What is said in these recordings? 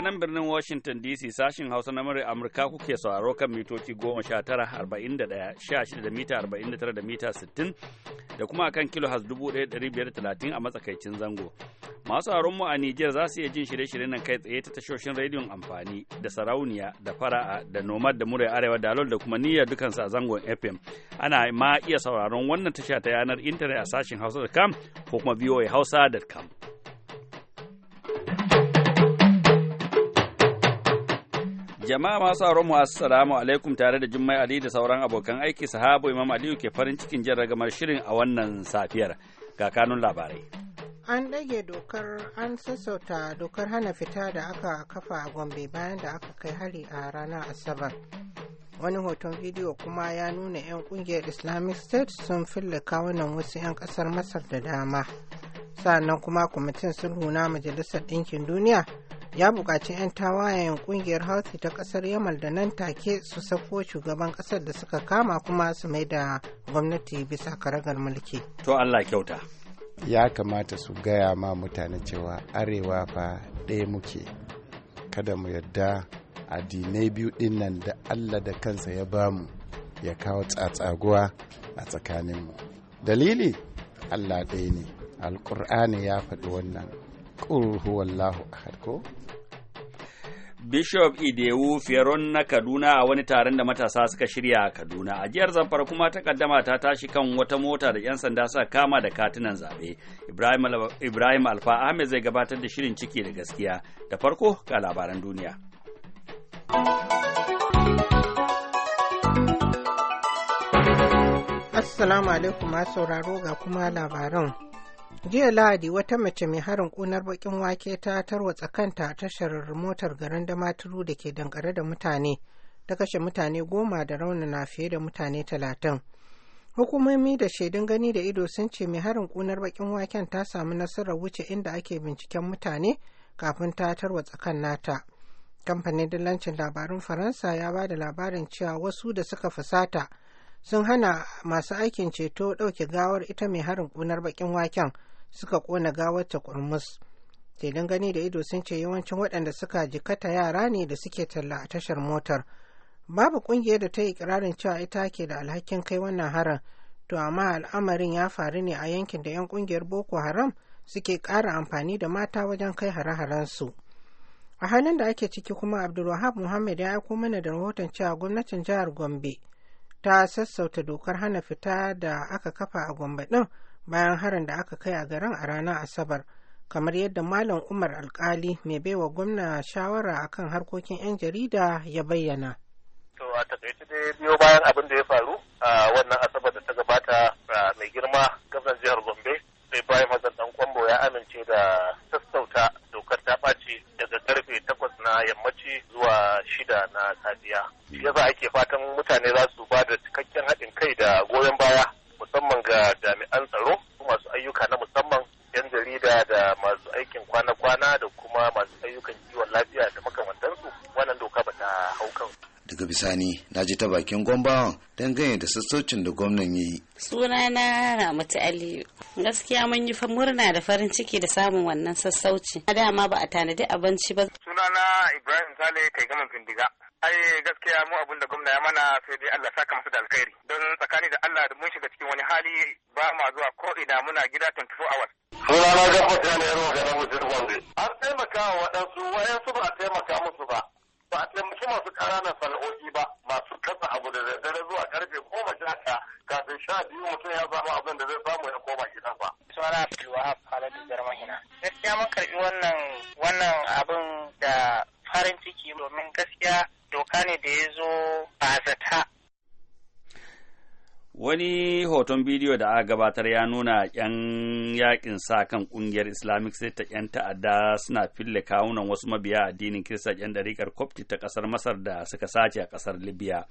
nan birnin Washington DC sashin Hausa na murya Amurka kuke sauraro kan mitoci 19-41-16 da mita 49 da mita 60 da kuma kan kilo has 1530 a matsakaicin zango. Masu mu a Nijar za su iya jin shirye-shiryen nan kai tsaye ta tashoshin rediyon amfani da sarauniya da fara'a da nomad da murai arewa da da kuma niyyar dukansa a zangon FM. Ana ma iya sauraron wannan tasha ta yanar intanet a sashin hausa.com ko kuma voahausa.com. Jama'a masu aron mu assalamu alaikum tare da Jummai Ali da sauran abokan aiki sahabo Imam Aliyu ke farin cikin jin ragamar shirin a wannan safiyar ga kanun labarai. An ɗage dokar an sassauta dokar hana fita da aka kafa a Gombe bayan da aka kai hari a ranar Asabar. Wani hoton bidiyo kuma ya nuna 'yan kungiyar Islamic State sun fille kawunan wasu 'yan ƙasar Masar da dama. Sannan kuma kwamitin sulhu na Majalisar Ɗinkin Duniya ya buƙaci 'yan tawayen ƙungiyar hausa ta ƙasar yamal da nan take su sako shugaban ƙasar da suka kama kuma su mai da gwamnati bisa karagar mulki to allah kyauta ya kamata su gaya ma mutane cewa arewa fa ɗaya muke kada mu yadda addinai biyu ɗin nan da allah da kansa ya bamu ya kawo tsatsaguwa a tsakaninmu dalili allah ɗaya ne alƙur'ani ya faɗi wannan ƙul huwallahu ahad ko Bishop Idewu Fieron na Kaduna a wani taron da matasa suka shirya a Kaduna. A jihar Zamfara kuma takaddama ta tashi kan wata mota da 'yan sanda suka kama da katunan zaɓe. Ibrahim, Alfa Ahmed zai gabatar da shirin ciki da gaskiya. Da farko ga labaran duniya. Assalamu alaikum sauraro ga kuma labaran. jiya lahadi wata mace mai harin kunar bakin wake ta tarwatsa kanta a tashar motar garin damaturu da ke dangare da mutane ta kashe mutane goma da raunana fiye da mutane talatin hukumomi da shaidun gani da ido sun ce mai harin kunar bakin waken ta samu nasarar wuce inda ake binciken mutane kafin ta tarwatsa kan nata kamfanin dillancin labarun faransa ya ba da labarin cewa wasu da suka fusata sun hana masu aikin ceto ɗauke gawar ita mai harin kunar bakin waken suka ƙona ta kurmus tilin gani da ido sun ce yawancin waɗanda suka jikata yara ne da suke talla a tashar motar babu ƙungiyar da ta yi ikirarin cewa ita ke da alhakin kai wannan harin to amma al'amarin ya faru ne a yankin da 'yan ƙungiyar boko haram suke ƙara amfani da mata wajen kai hare-harensu a halin da ake ciki kuma abdulwahab muhammad ya aiko mana da rahoton cewa gwamnatin jihar gombe ta sassauta dokar hana fita da aka kafa a gombe ɗin bayan harin da aka kai a garin a ranar asabar kamar yadda malam umar alkali mai baiwa gwamna shawara akan harkokin 'yan jarida ya bayyana to a takaice dai biyo bayan abin da ya faru a wannan asabar da ta gabata mai girma gwamnan jihar gombe sai bayan mazan dan kwambo ya amince da sassauta dokar ta ɓaci daga karfe takwas na yammaci zuwa shida na safiya hmm. shi yasa ake fatan mutane za su ba da cikakken haɗin kai da goyon baya musamman ga jami'an tsaro masu ayyuka na musamman yan jarida da masu aikin kwana-kwana da kuma masu ayyukan kiwon lafiya da makamantansu wannan doka ba ta hau kan daga bisani na ji ta bakin gwambawan dangane da sassaucin da gwamnan ya yi sunana ramatu aliyu gaskiya mun yi murna da farin ciki da samun wannan sassauci dama ba a tanadi abinci ba sunana ibrahim sale kai gama bindiga ai gaskiya mu abin da gwamna ya mana sai dai Allah saka masa da alkhairi don tsakani da Allah da mun shiga cikin wani hali ba ma zuwa ko ina muna gida 24 hours sunana ga fata ne yaro ga namu jirgin an taimaka wa waɗansu su ba a taimaka musu ba ba a taimaki masu ƙananan sana'o'i ba masu kasa abu da daddare zuwa karfe goma sha ɗaya kafin sha biyu mutum ya samu abin da zai samu ya koma ba. gidansa. sunana Abdulwahab Haladu Jarmahina gaskiya mun karɓi wannan wannan abin da farin ciki domin gaskiya doka ne da ya zo ba zata Wani hoton bidiyo da aka gabatar ya nuna ‘yan yakin sa kan ƙungiyar Islamic State ta ‘yan ta'adda suna fille kawunan wasu mabiya addinin Kirista ‘yan ɗarikar kwafti ta ƙasar Masar da suka sace a ƙasar Libya.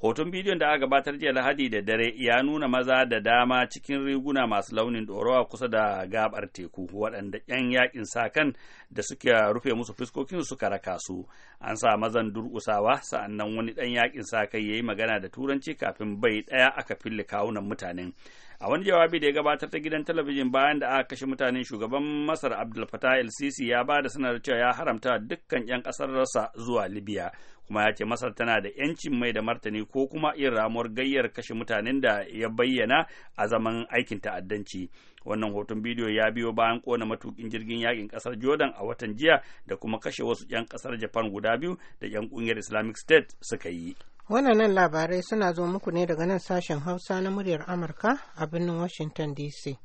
Hoton bidiyon da aka gabatar jiya Lahadi da dare ya nuna maza da dama cikin riguna masu launin ɗorawa kusa da gabar teku waɗanda 'yan yakin sakan da suke rufe musu fuskokin suka raka su. An sa mazan durƙusawa sa'annan wani ɗan yakin sakai ya yi magana da turanci kafin bai ɗaya aka fille kawunan mutanen. a wani jawabi da ya gabatar ta gidan talabijin bayan da aka kashe mutanen shugaban masar abdul fatah el sisi ya bada da sanar cewa ya haramta dukkan 'yan ƙasarsa zuwa libya kuma ya ce masar tana da yancin mai da martani ko kuma yin ramuwar gayyar kashe mutanen da ya bayyana a zaman aikin ta'addanci wannan hoton bidiyo ya biyo bayan kona matukin jirgin yakin kasar jordan a watan jiya da kuma kashe wasu 'yan kasar japan guda biyu da 'yan kungiyar islamic state suka yi waɗannan labarai suna zo muku ne daga nan sashen hausa na muryar amurka a birnin washington dc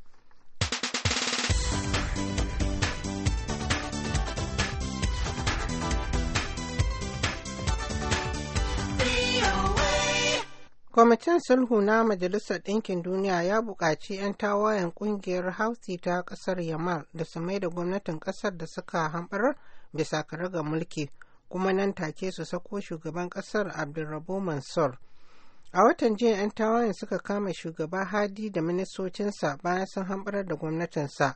Kwamitin sulhu na Majalisar Ɗinkin Duniya ya buƙaci 'yan tawayen ƙungiyar Hausi ta ƙasar Yamal da su mai da gwamnatin ƙasar da suka hamɓar bisa ga mulki, kuma nan take su sako shugaban ƙasar Abdulrabo Mansur. A watan jiya 'yan tawayen suka kama shugaba Hadi da ministocinsa bayan sun hamɓar da gwamnatinsa.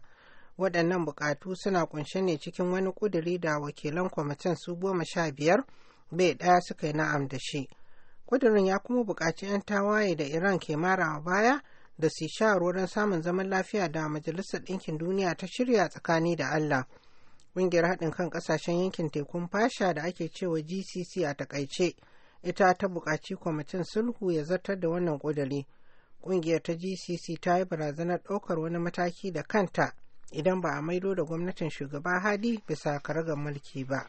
Waɗannan buƙatu suna ƙunshe ne cikin wani ƙuduri da wakilan kwamitin su goma sha biyar bai ɗaya suka yi na'am da shi. kudirin ya kuma buƙaci 'yan tawaye da iran ke marawa baya da su don samun zaman lafiya da majalisar ɗinkin duniya ta shirya tsakani da allah ƙungiyar haɗin kan ƙasashen yankin tekun fasha da ake cewa gcc a takaice ita ta buƙaci kwamitin sulhu ya zartar da wannan ƙudiri ƙungiyar ta gcc ta yi barazanar ɗaukar wani mataki da kanta idan ba a maido da gwamnatin shugaba hadi bisa karagar mulki ba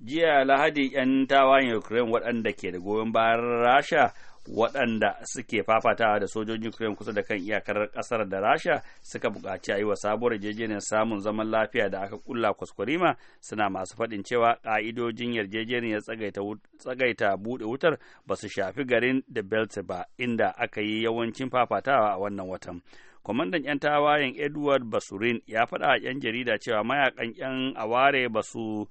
jiya lahadi 'yan tawayen ukraine waɗanda ke da goyon bayan rasha waɗanda suke fafatawa da sojojin ukraine kusa da kan iyakar ƙasar da rasha suka buƙaci a yi wa sabuwar yarjejeniyar samun zaman lafiya da aka kulla kwaskwarima suna masu faɗin cewa ƙa'idojin yarjejeniyar tsagaita buɗe wutar ba su shafi garin da belt ba inda aka yi yawancin fafatawa a wannan watan kwamandan 'yan tawayen edward basurin ya faɗa a 'yan jarida cewa mayakan 'yan aware ba su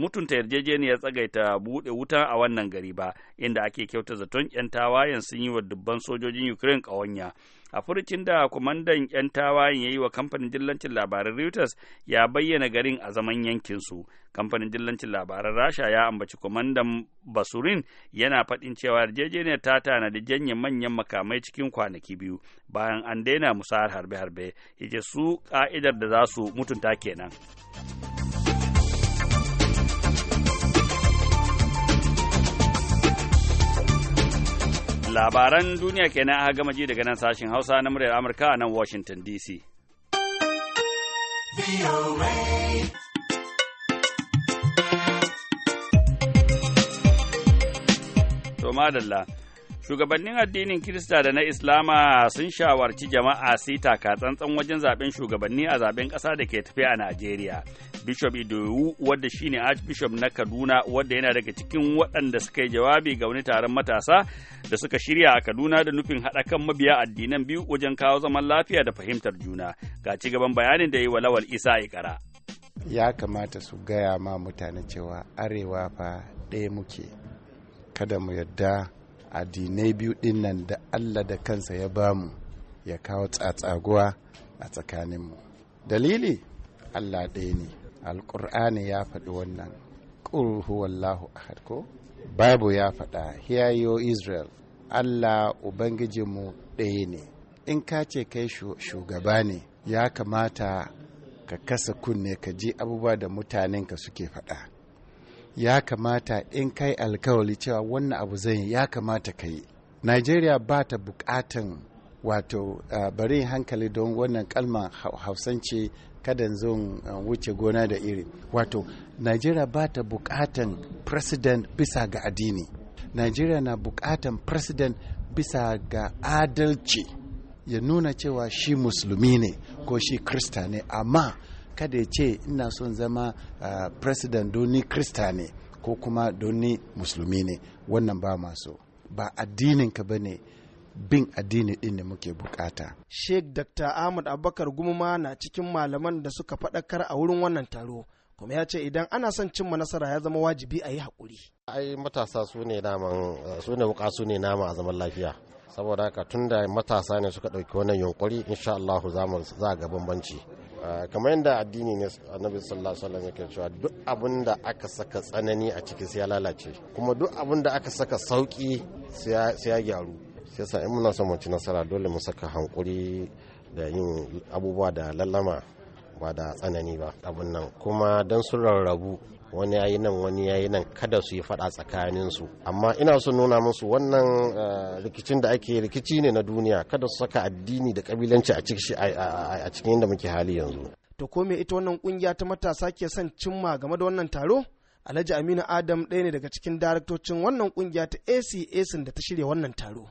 mutunta yarjejeniyar tsagaita buɗe wuta a wannan gari ba inda ake kyauta zaton 'yan tawayen sun yi wa dubban sojojin ukraine ƙawanya a furcin da kwamandan 'yan tawayen ya yi wa kamfanin dillancin labaran reuters ya bayyana garin a zaman yankinsu kamfanin dillancin labaran rasha ya ambaci kwamandan basurin yana faɗin cewa yarjejeniyar ta da janyen manyan makamai cikin kwanaki biyu bayan an daina musayar harbe-harbe yace su ka'idar da za su mutunta kenan. labaran duniya kenan na gama ji daga nan sashen hausa na muryar amurka a nan washington dc to madalla Shugabannin addinin Kirista da na Islama sun shawarci jama'a su yi tsantsan wajen zaben shugabanni a zaben ƙasa da ke tafiya a Najeriya. Bishop Idowu wadda shine Archbishop na Kaduna wadda yana daga cikin waɗanda suka yi jawabi ga wani taron matasa da suka shirya a Kaduna da nufin haɗa kan mabiya addinan biyu wajen kawo zaman lafiya da fahimtar juna. Ga ci gaban bayanin da yi wa Lawal Isa Ikara. Ya kamata su gaya ma mutane cewa arewa fa ɗaya muke. Kada mu yadda addinai biyu din da Allah da kansa ya ba mu ya kawo tsatsaguwa a tsakaninmu dalili Allah ɗaya ne alƙur'ani ya faɗi wannan ƙul huwallahu ahad ko babu ya faɗa hear israel Allah ubangijinmu ɗaya ne in ka ce kai shugaba ne ya kamata ka kasa kunne ka ji abubuwa da mutanenka suke faɗa ya kamata in kai alkawali cewa wannan abu zai ya kamata ka yi nigeria ba ta bukatan wato bari hankali don wannan kalma hausance kada zon wuce gona da iri wato nigeria ba ta bukatan president bisa ga addini nigeria na bukatan president bisa ga adalci ya nuna cewa shi musulmi ne ko shi krista ne amma kada ya ce ina son zama president doni krista ne ko kuma doni musulmi ne wannan ba masu ba addinin ka ba ne bin addini din da muke bukata. Sheikh Dr. Ahmad Abubakar Gumuma na cikin malaman da suka faɗakar a wurin wannan taro. kuma ya ce idan ana son cimma nasara ya zama wajibi a yi haƙuri. ai matasa su ne naman su ne wuka su ne nama a zaman lafiya saboda haka tun da matasa ne suka ɗauki wannan yunƙuri insha Allah za a ga bambanci Ah, kamar yadda addini ne annabi sallallahu alaihi wasallam yake cewa duk abin da aka saka tsanani a ciki sai ya lalace kuma duk abin da aka saka sauki sai ya gyaru sai sa in muna son mu nasara dole mu saka hankuri da yin abubuwa da lallama ba da tsanani ba abun nan kuma don sun rarrabu wani yayi nan wani yayi nan kada su yi fada tsakanin su amma ina so nuna musu wannan eh, rikicin da ake rikici ne na duniya kada su saka addini da kabilanci a cikin yadda muke hali yanzu to ko me ita wannan kungiya ta matasa ke son cimma game da wannan taro Alhaji Aminu Adam ɗaya ne daga cikin daraktocin wannan kungiya ta sun da ta shirya wannan taro.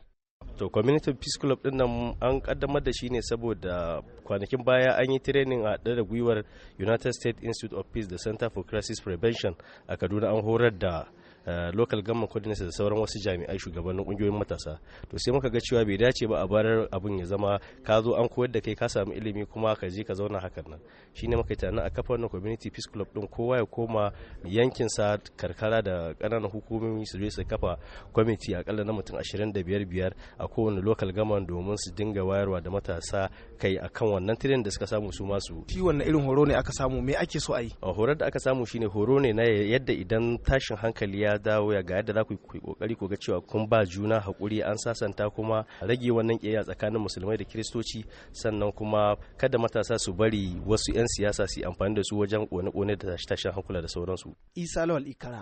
to community peace club din nan an kaddamar da shi ne saboda kwanakin baya an yi training a da gwiwar united states institute of peace da center for crisis prevention a kaduna an horar da Eh, local government coordinator da sauran wasu jami'ai shugabannin kungiyoyin matasa to sai muka ga cewa bai dace ba a bar abun ya zama ka zo an koyar da kai ka samu ilimi kuma ka je ka zauna hakan nan shine muka yi a kafa wannan community peace club din kowa ya koma yankin sa karkara da ƙananan hukumomi su je su kafa kwamiti a na mutum 25 biyar a kowane local government domin su dinga wayarwa da matasa aka yi akan wannan tirin da suka samu su masu shi wannan irin horo ne aka samu me ake so a yi horar da aka samu shine horo ne na yadda idan tashin hankali ya dawo ya ga yadda za ku yi kokari ku ga cewa kun ba juna hakuri an sasanta kuma rage wannan kiyaya tsakanin musulmai da kiristoci sannan kuma kada matasa su bari wasu 'yan siyasa su amfani da su wajen kone-kone da tashin hankula da sauransu isa lawal ikara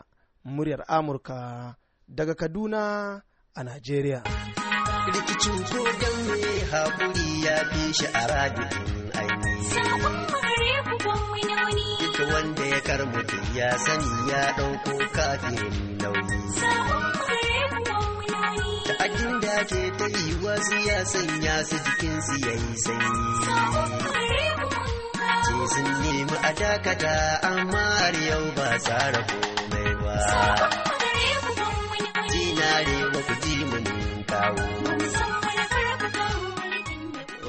muryar amurka daga kaduna a najeriya rikicin kogin ne haƙuri ya fi sha'ara da ainihi. Sabon mare ku mu nauni. Duk wanda ya karmu duk ya sani ya ɗauko kafin nauyi. Sabon mare ku mu nauni. Ta ajin da ke ta yi wasu ya sanya su jikinsu ya yi sanyi. Sabon mare ku Je sun nemi a dakata amma har yau ba sa rabo mai ba. Sabon mare ku mu nauni. Jina ne ba ku ji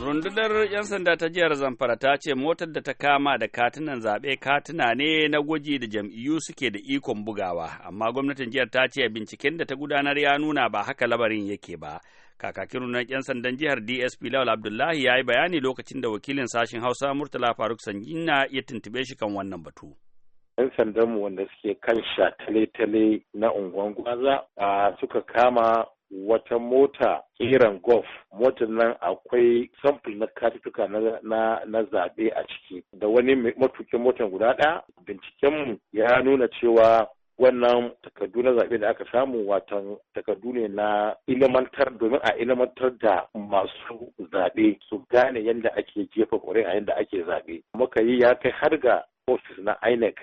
Rundunar 'yan sanda ta jihar Zamfara ta ce motar da ta kama da katunan zaɓe katuna ne na gwaji da jam'iyyu suke da ikon bugawa, amma gwamnatin jihar ta ce binciken da ta gudanar ya nuna ba haka labarin yake ba. Kakakin rundunar 'yan sandan jihar DSP Lawal Abdullahi ya yi bayani lokacin da wakilin sashen Hausa Murtala Faruk Sanjina ya tuntuɓe shi kan wannan batu. 'yan sandanmu wanda suke kan tale tale na unguwan gwaza suka kama wata mota kiran golf motar nan akwai samfil na katutuka na zaɓe a ciki da wani matukin motar guda ɗaya bincikenmu ya nuna cewa wannan takardu na zaɓe da aka samu watan takardu ne na ilimantar domin a ilimantar da masu zaɓe su gane yadda ake jefa a yadda ake zaɓe muka yi ya kai har ga ofis na INEC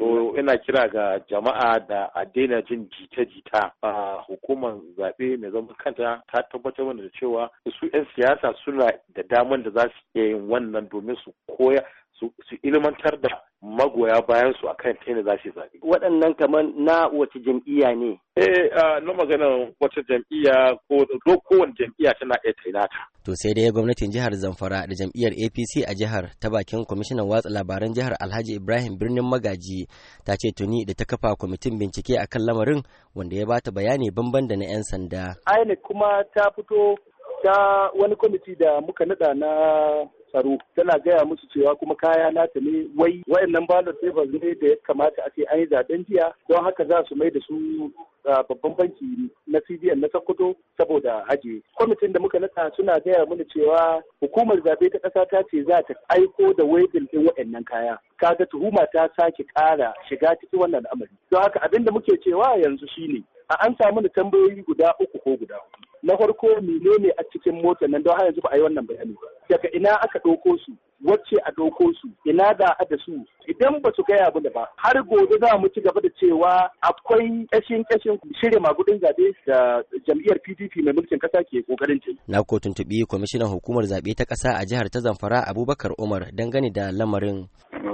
To ina kira ga jama'a da a daina jin jita-jita a hukumar zaɓe mai zaman kanta ta tabbatar mana da cewa su 'yan siyasa suna da damar da za su iya yin wannan domin su koya su ilmantar da magoya bayan su akan ta yadda za shi zaɓe. Waɗannan kamar na wace jam'iyya ne? Eh, na magana wace jam'iyya ko kowane jam'iya tana iya tainata. To sai dai gwamnatin jihar Zamfara da jam'iyyar APC a jihar ta bakin kwamishinan watsa labaran jihar Alhaji Ibrahim Birnin Magaji ta ce tuni da ta kafa kwamitin bincike akan lamarin wanda ya bata bayani bamban da na 'yan sanda. INEC kuma ta fito ta wani kwamiti da muka nada na tsaro tana gaya musu cewa kuma kaya nata ne wai wayannan ballot papers ne da ya kamata a ce an yi zaben jiya don haka za su mai da su babban banki na CBN na Sokoto saboda ajiye. Kwamitin da muka nata suna gaya mana cewa hukumar zabe ta ƙasa ta ce za ta aiko da waybil ɗin waɗannan kaya. Kaga tuhuma ta sake ƙara shiga cikin wannan al'amari. Don haka abin da muke cewa yanzu shine a an samu da tambayoyi guda uku ko guda hudu na farko ne a cikin mota nan don har yanzu ba a yi wannan bayani daga ina aka ɗauko su wacce a ɗauko su ina da a da su idan ba su gaya bude ba har gobe za mu ci gaba da cewa akwai ƙashin ƙashin shirya magudin zaɓe da jam'iyyar pdp mai mulkin ƙasa ke ƙoƙarin ci na ko tuntuɓi kwamishinan hukumar zaɓe ta ƙasa a jihar ta zamfara abubakar umar dangane da lamarin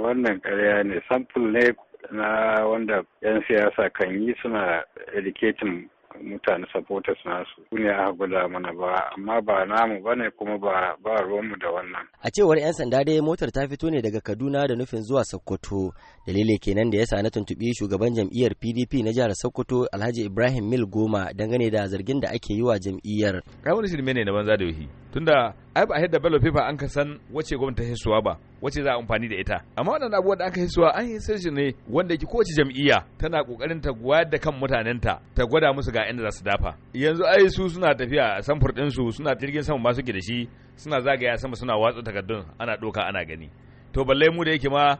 wannan ƙarya ne samfur ne na wanda 'yan siyasa kan yi suna educating mutane supporters nasu su ne aka gwada mana ba amma ba namu ba ne kuma ba ba mu da wannan a cewar yan sanda dai motar ta fito ne daga Kaduna da nufin zuwa Sokoto dalili kenan da ya sa na tuntuɓi shugaban jam'iyyar PDP na jihar Sokoto Alhaji Ibrahim Mil Goma dangane da zargin da ake yi wa jam'iyyar Rawar shirme ne na banza da wahi tunda ai ba a da ballot paper an ka san wace gwamnati ta hisuwa ba wace za a amfani da ita amma wannan abu da aka hisuwa an yi shi ne wanda yake kowace jam'iyya tana kokarin ta da kan mutanen ta ta gwada musu ga inda za su dafa yanzu ai su suna tafiya a samfur din su suna jirgin sama ba su da shi suna zagaya sama suna watsa takardun ana doka ana gani to balle mu da yake ma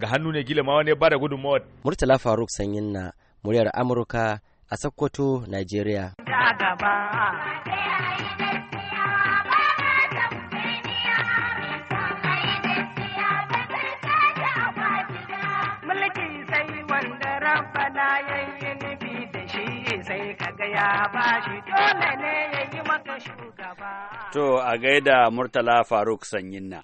ga hannu ne gila ma wani ya bada gudunmawa murtala faruk sanyin na muryar amurka a sokoto nigeria sai ka ya dole ne ya yi maka shugaba. To a gaida Murtala Faruk na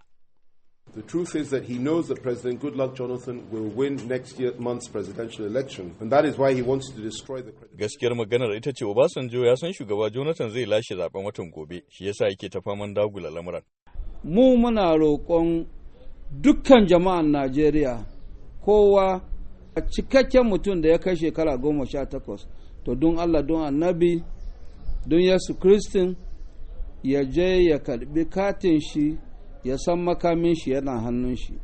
The truth is that he knows that President Goodluck Jonathan will win next year, month's presidential election, and that is why he wants to destroy the Gaskiyar maganar ita ce Obasanjo ya san shugaba Jonathan zai lashe zaben watan gobe, shi yasa yake ta faman dagula lamuran. Mu muna roƙon dukkan jama'an Najeriya kowa a cikakken mutum da ya kai shekara goma sha takwas to don allah don annabi don yesu kristin ya je ya karbi katin shi ya san makamin shi yana hannun shi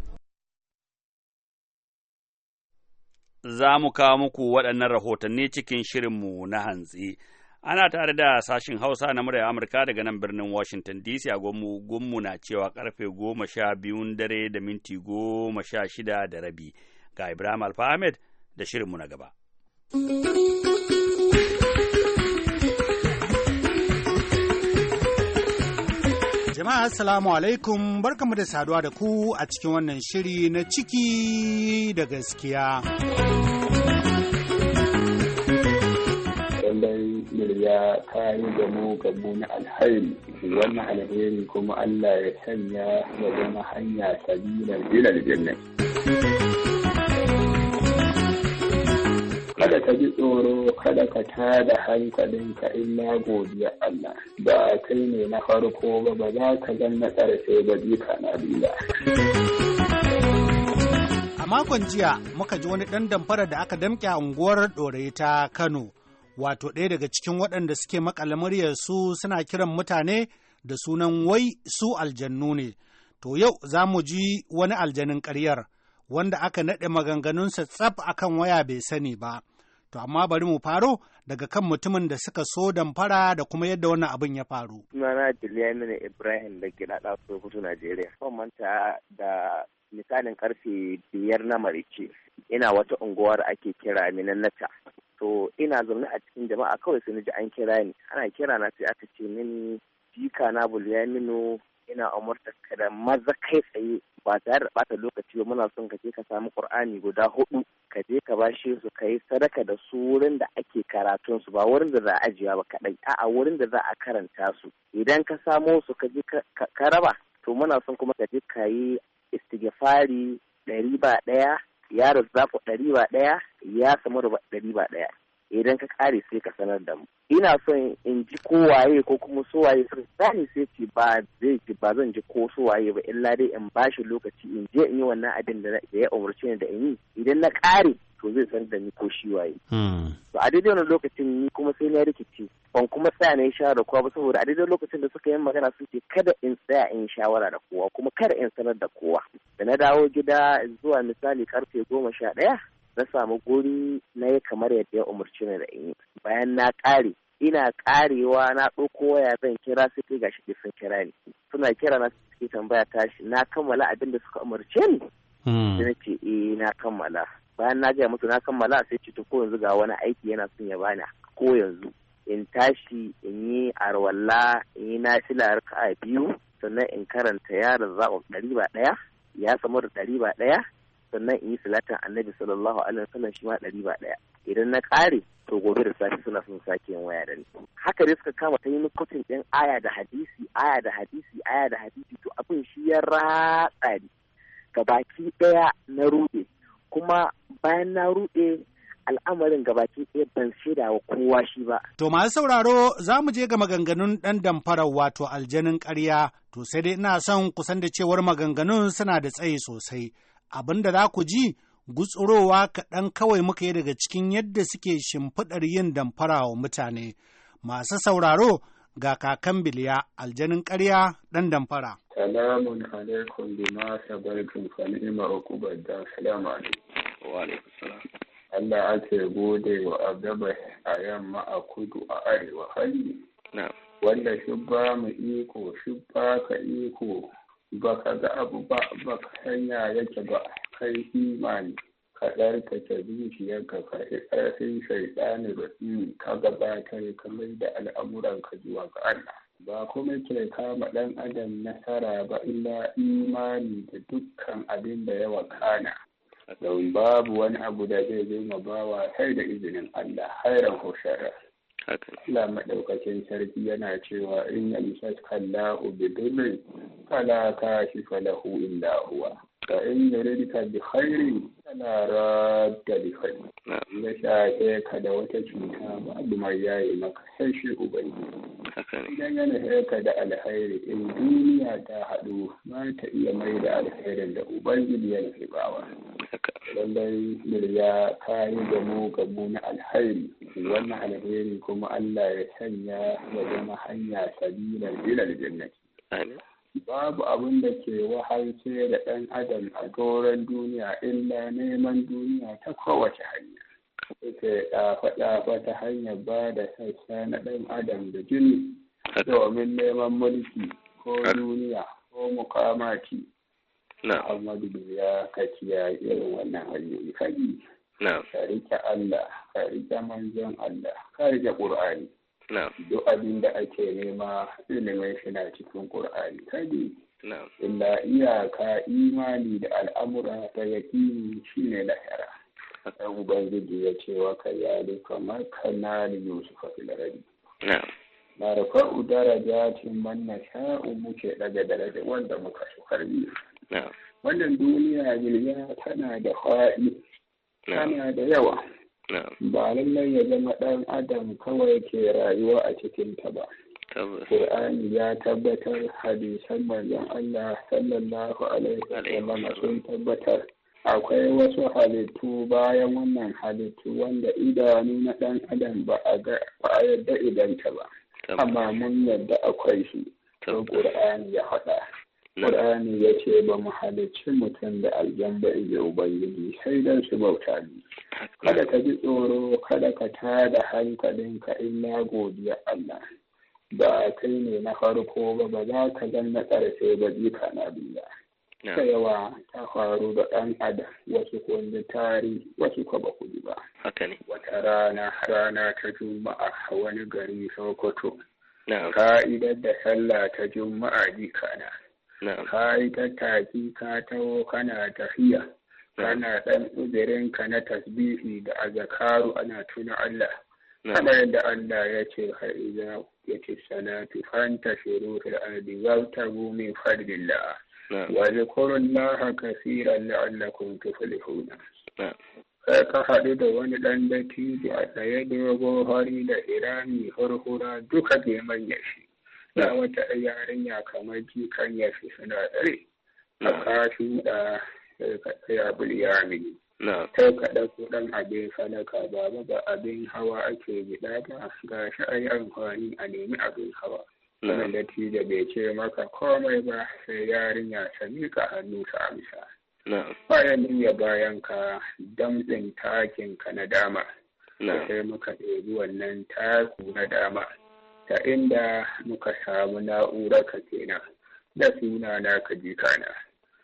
za mu kawo muku waɗannan rahotanni cikin shirinmu na hantsi ana tare da sashin hausa na murya amurka daga nan birnin washington dc a gunmu na cewa karfe goma sha biyun dare da minti goma sha shida da rabi ga ibrahim alfahamed da shirinmu na gaba. Jama'a Assalamu alaikum barkamu da saduwa da ku a cikin wannan shiri na ciki da gaskiya. Lallai ya kayi da mu ga na alhairi, wannan alheri kuma Allah ya sanya da zama hanya sabilar ilal jannati. kada ka ji tsoro kada ka tada hankalinka illa godiya Allah ba kai ne na farko ba ba za ka gan na ƙarfe ba jika na bila. A makon jiya muka ji wani ɗan damfara da aka damƙe a unguwar ɗorai ta Kano wato ɗaya daga cikin waɗanda suke maƙala su suna kiran mutane da sunan wai su aljannu ne. To yau za mu ji wani aljanin ƙaryar. wanda aka naɗe maganganunsa tsaf akan waya bai sani ba. To amma bari mu faro daga kan mutumin da suka so damfara da kuma yadda wannan abin ya faru. Sunana Juliana ne Ibrahim da ke naɗa Sokoto, Najeriya. Ban manta da misalin karfe biyar na marice ina wata unguwar ake kira minannata. To ina zaune a cikin jama'a kawai sun ji an kira ni. Ana kira na sai aka ce mini jika na Bulyaminu ina umurta ka da maza kai tsaye ba tare da bata lokaci ba muna son ka je ka samu qur'ani guda hudu ka je ka bashe su ka sadaka da su wurin da ake karatun su ba wurin da za a ajiya ba kadai a'a wurin da za a karanta su idan ka samo su ka je ka raba to muna son kuma ka je ka yi istighfari ɗari ba ɗaya ya razzafu ɗari ba ɗaya ya samu ɗari ba ɗaya idan ka kare sai ka sanar da mu ina son in ji ko waye ko kuma so waye sun sani sai ce ba zai ce ba zan ji ko so waye ba illa dai in bashi lokaci in je in yi wannan abin da ya umarci ni da in yi idan na kare to zai sanar da ni ko shi waye hmm. to a daidai wannan lokacin ni kuma sai na rikici ban kuma tsaya na yi shawara kowa ba saboda a daidai lokacin da suka yi magana sun ce kada in tsaya in shawara da kowa kuma kada in sanar da kowa da na dawo gida zuwa misali karfe goma sha ɗaya na samu guri na yi kamar yadda ya umarci ni da in bayan na ƙare ina ƙarewa na ɗauko waya zan kira su kai gashi sun kira ni suna kira na suke tambaya tashi na kammala abin da suka umarce ni hmm. sai na ce eh na kammala bayan na gaya musu na kammala sai ce to ko yanzu ga wani aiki yana son ya bani ko yanzu in tashi in yi arwalla in yi nafila ka biyu sannan in karanta yaron zao ɗari ba ɗaya ya samu da ɗari ba ɗaya sannan in yi salatin annabi sallallahu alaihi wasallam shi ma ɗari ba ɗaya idan na ƙare to gobe da safe suna son sake yin waya da ni haka dai suka kama ta yi nukotin ɗin aya da hadisi aya da hadisi aya da hadisi to abin shi ya ratsa ni gabaki ɗaya na ruɗe kuma bayan na ruɗe al'amarin gabaki ɗaya ban shaida wa kowa shi ba. To masu sauraro za mu je ga maganganun ɗan damfarar wato aljanin karya, to sai dai ina son kusan da cewar maganganun suna da tsayi sosai. abin da za ku ji gutsurowa kaɗan kawai muka yi daga cikin yadda suke shimfiɗar yin damfara wa mutane. Masu sauraro ga kakan biliya aljanin ƙarya ɗan damfara. Salamun alaikum bi ma da salamu alaikum. Wa alaikum salam. Allah ake gode wa agaba a yamma a kudu a arewa hali. Wanda shi ba mu iko shi ba ka iko Ba ka ga abu ba ba ka sanya yake ba kai imani ka ɗarkake yanka ka yi ƙarfin shaiɗani da ɗin ka gabatar ka kamar da ka zuwa ga Allah. Ba kuma ke kama ɗan adam nasara ba illa imani da dukkan abin da ya wakana. Don babu wani abu da zai zai ma bawa sai da izinin Allah hairan hushara. Allah maɗaukakin sarki yana cewa in ya Kallahu Allahu فلا كاشف له إلا هو فإن يردك بخير فلا راد لخير da shafe ka da wata cuta babu mai yayi maka sai shi idan ya nufe da alkhairi in duniya ta haɗu ba ta iya mai da alherin da ubangiji ya nufi bawa lallai murya ka yi gamo gamo na alkhairi wannan alheri kuma allah ya sanya ya zama hanya sabilar ilal jannati babu abin da ke wahalce da ɗan adam a doron duniya illa neman duniya ta kowace hanya ita ya ɗafa-ɗafa ta hanyar ba da sassa na ɗan adam da jini domin neman mulki ko duniya ko mukamaki Muhammadu ya kaci ya irin wannan hanyoyi kaji ka rike Allah ka rike manzon Allah ka rike Qur'ani duk abin da ake nema ilimin shi na cikin ƙur'ani kadi inda iyaka imani da al'amura ta yaƙini shi ne lahira dan ubangiji ya ce wa ka yali kamar kanali yusuf a filarari na rafa'u darajatin man manna sha'u muke daga daraja wanda muka su karbi wannan duniya miliya tana da fa'i tana da yawa ba lallai ya zama ɗan adam kawai ke rayuwa a cikin ta ba Qur'ani ya tabbatar hadisan manzon Allah sallallahu alaihi wa sallam, sun tabbatar akwai wasu halittu bayan wannan halittu wanda idanu na ɗan adam ba a yadda idanta ba amma mun yadda akwai shi to Qur'ani ya haɗa ƙur'ani ya ce ba mu halicci mutum da aljan ba ije Ubangiji sai don su bauta ne. Kada ka ji tsoro, kada ka tada hankalinka illa godiya Allah. Ba kai ne na farko ba ba za ka zan na ƙarshe ba jika na biya. Ta yawa ta faru da ɗan adam wasu kundi tari wasu kwa ba kudi ba. Wata rana rana ta juma'a a wani gari Sokoto. Ka'idar da sallah ta juma'a ka na. ka yi tattaki ka taho kana tafiya kana ɗan uzurin ka na tasbihi da azakaru ana tuna Allah kamar yadda Allah ya ce har iza ya ce salatu fanta shiru fil ardi wabtagu min fadlillah wa Allah kaseeran la'allakum tuflihuna sai ka haɗu da wani ɗan dattijo a tsaye dogo hari da irani hurhura duka ke manya shi da wata yarinya kamar jikan ya fi suna tsare a kashi da ya ya mini sai ka abin sadaka ba ba abin hawa ake gida ba ga shi a yi amfani a nemi abin hawa wannan da bai ce maka komai ba sai yarinya ta miƙa hannu ta amsa bayan iya bayan ka damtsin takin ka na dama sai muka ɗebi wannan taku na dama ta inda muka samu na'urarka kenan da suna na ka kana,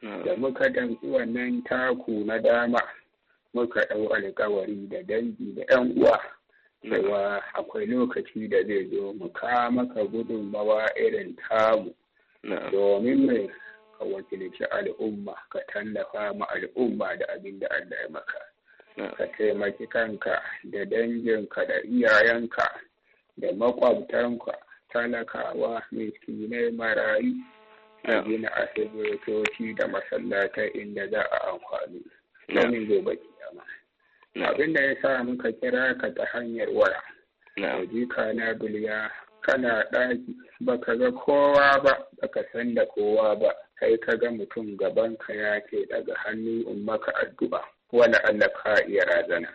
hmm. da muka damsu wannan taku na dama muka ɗau alkawari da dangi da 'yan uwa cewa hmm. akwai lokaci da zai zo mu ka maka gudunmawa irin tamu hmm. domin mai ka wakilci al'umma ka tallafa ma al'umma da abin da Allah ya maka ka taimaki kanka da danginka da iyayenka da makwabtanka talakawa miskinai marayu a gina asibitoci da masallatai inda za a amfani domin gobe kiyama abin da ya sa muka kira ka ta hanyar waya jika na biliya kana ɗaki baka ga kowa ba ka san da kowa ba kai ka ga mutum gaban ka ya ke daga hannu in maka addu'a wala Allah ka iya razana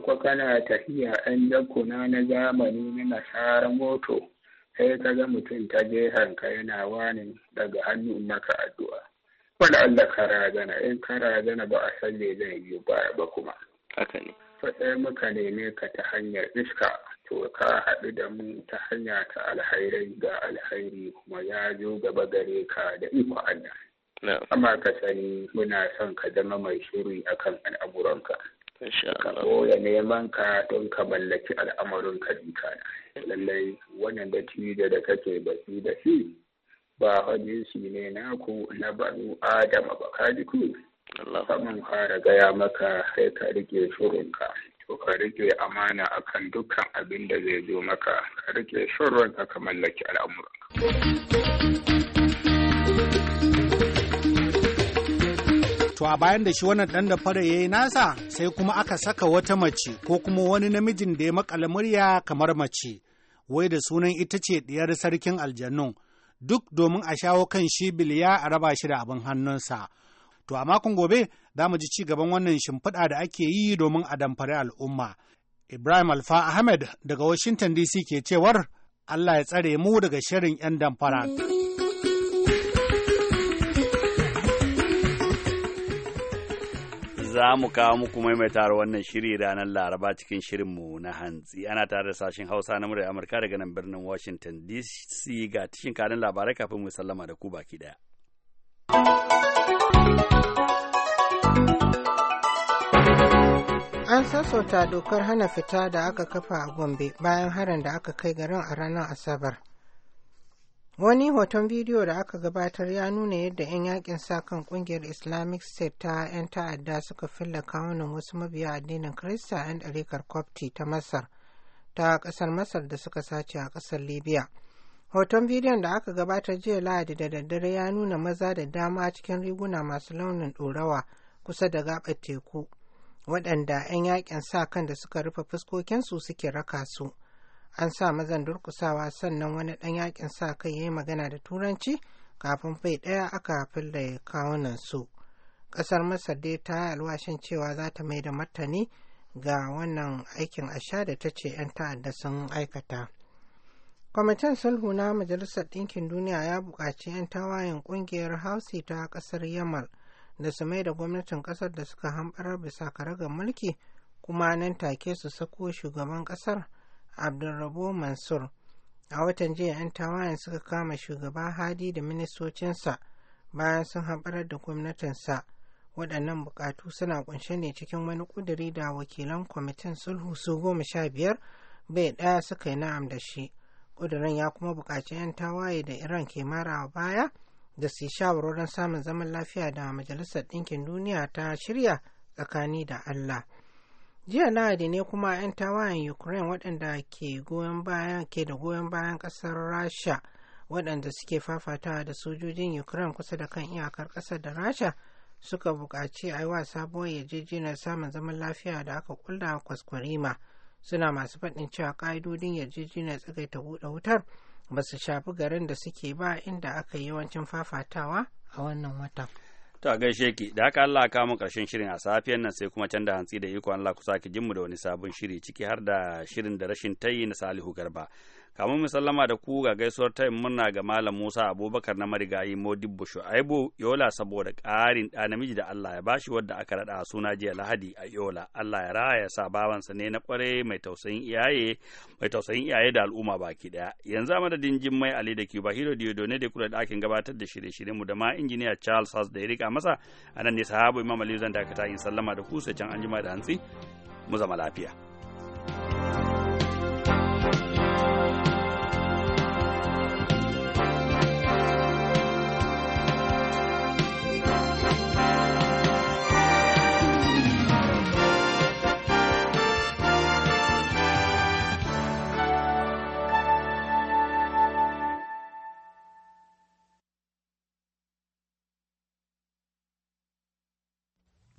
ko kana tafiya ɗan jakuna na zamani na nasara moto sai ka ga mutum ta ka yana wani daga hannu maka addu'a Wani Allah ka razana in ka razana ba a san me zai yi ba ba kuma haka ne maka muka neme ka ta hanyar iska to ka haɗu da mu ta hanya ta alhairai ga alhairi kuma ya zo gaba gare ka da iko Allah amma ka sani muna son ka zama mai shiri akan al'amuranka ka koya neman ka don ka mallaki al'amarin ka lallai wannan da tija da kake baki da shi ba shi ne naku na banu adama ba kajiku saman fara gaya maka sai ka rike shirinka to ka rike amana akan dukkan abin da zai zo maka ka rike shirinka ka mallaki al'amuranka To a bayan da shi wannan dan da fara ya yi nasa sai kuma aka saka wata mace ko kuma wani namijin da ya makala murya kamar mace, wai da sunan ita ce ɗiyar sarkin aljannun, duk domin a shawo kan shi biliya a raba shi da abin hannunsa. To a makon gobe za mu ji ci gaban wannan shimfiɗa da ake yi domin a damfari al'umma. Ibrahim Alfa Ahmed daga Washington DC ke cewar Allah ya tsare mu daga shirin 'yan damfara. za mu kawo muku maimaitawar wannan shiri ranar laraba cikin shirinmu na hantsi ana tare da sashen hausa na murya amurka daga nan birnin washington dc ga tashin kanin labarai kafin mu sallama da ku baki daya an sassauta dokar hana fita da aka kafa a gombe bayan harin da aka kai garin a ranar asabar Wani hoton bidiyo da aka gabatar ya nuna yadda 'yan yakin sa kan kungiyar Islamic State ta 'yan ta'adda suka filla kawunan wasu mabiya addinin Kirista 'yan ɗarikar Kwafti ta Masar ta ƙasar Masar da suka sace a ƙasar Libya. Hoton bidiyon da aka gabatar jiya Lahadi da daddare ya nuna maza da dama cikin riguna masu launin ɗorawa kusa da gaɓar teku, waɗanda 'yan yakin sa kan da suka rufe fuskokinsu suke raka su. an sa mazan durkusawa sannan wani ɗan yakin sa kai ya yi magana da turanci kafin fai ɗaya aka fille kawunan su ƙasar masar dai ta alwashin cewa za ta mai da martani ga wannan aikin asha da ta ce 'yan ta'adda sun aikata kwamitin sulhu na majalisar ɗinkin duniya ya buƙaci 'yan tawayen ƙungiyar hausi ta ƙasar yamal da su mai da gwamnatin ƙasar da suka hamɓarar bisa karagar mulki kuma nan take su sako shugaban ƙasar abdulrabo mansur a watan jiya 'yan tawayen suka kama shugaba hadi da ministocinsa bayan sun haɓarar da gwamnatinsa waɗannan buƙatu suna ƙunshe ne cikin wani ƙuduri da wakilan kwamitin sulhu su goma sha biyar bai ɗaya suka yi na'am da shi ƙudurin ya kuma buƙaci 'yan tawaye da iran ke marawa baya da su shawarwarin samun zaman lafiya da majalisar ɗinkin duniya ta shirya tsakani da allah jiya lahadi ne kuma 'yan tawayen ukraine waɗanda ke goyon bayan ke da goyon bayan ƙasar rasha waɗanda suke fafatawa da sojojin ukraine kusa da kan iyakar ƙasar da rasha suka buƙaci a wa sabuwar yarjejeniyar samun zaman lafiya da aka kulla kwaskwarima suna masu faɗin cewa ƙa'idodin yarjejeniyar tsagaita buɗe wutar ba su shafi garin da suke ba inda aka yi yawancin fafatawa a wannan watan To gaishe ki, da haka Allah ka mu karshen shirin a safiyar nan sai kuma can da hantsi da iko Allah ku sake jinmu da wani sabon shiri ciki har da shirin da rashin tayi na Salihu Garba. kamar mu sallama da ku ga gaisuwar tayin murna ga Malam Musa Abubakar na marigayi Modibbo Shu'aibu Yola saboda ƙarin ɗa namiji da Allah ya bashi wadda aka rada suna jiya Lahadi a Yola. Allah ya raya sa bawansa ne na kware mai tausayin iyaye mai tausayin iyaye da al'umma baki ɗaya. Yanzu a madadin Jimmai Ali da Cuba Hiro Diodo ne da kula da ɗakin gabatar da shirye shirye mu da ma injiniya Charles Haas da ya rika masa a nan ne sahabu Imam Aliyu zan dakata in sallama da ku sai can anjima da hantsi mu zama lafiya. thank you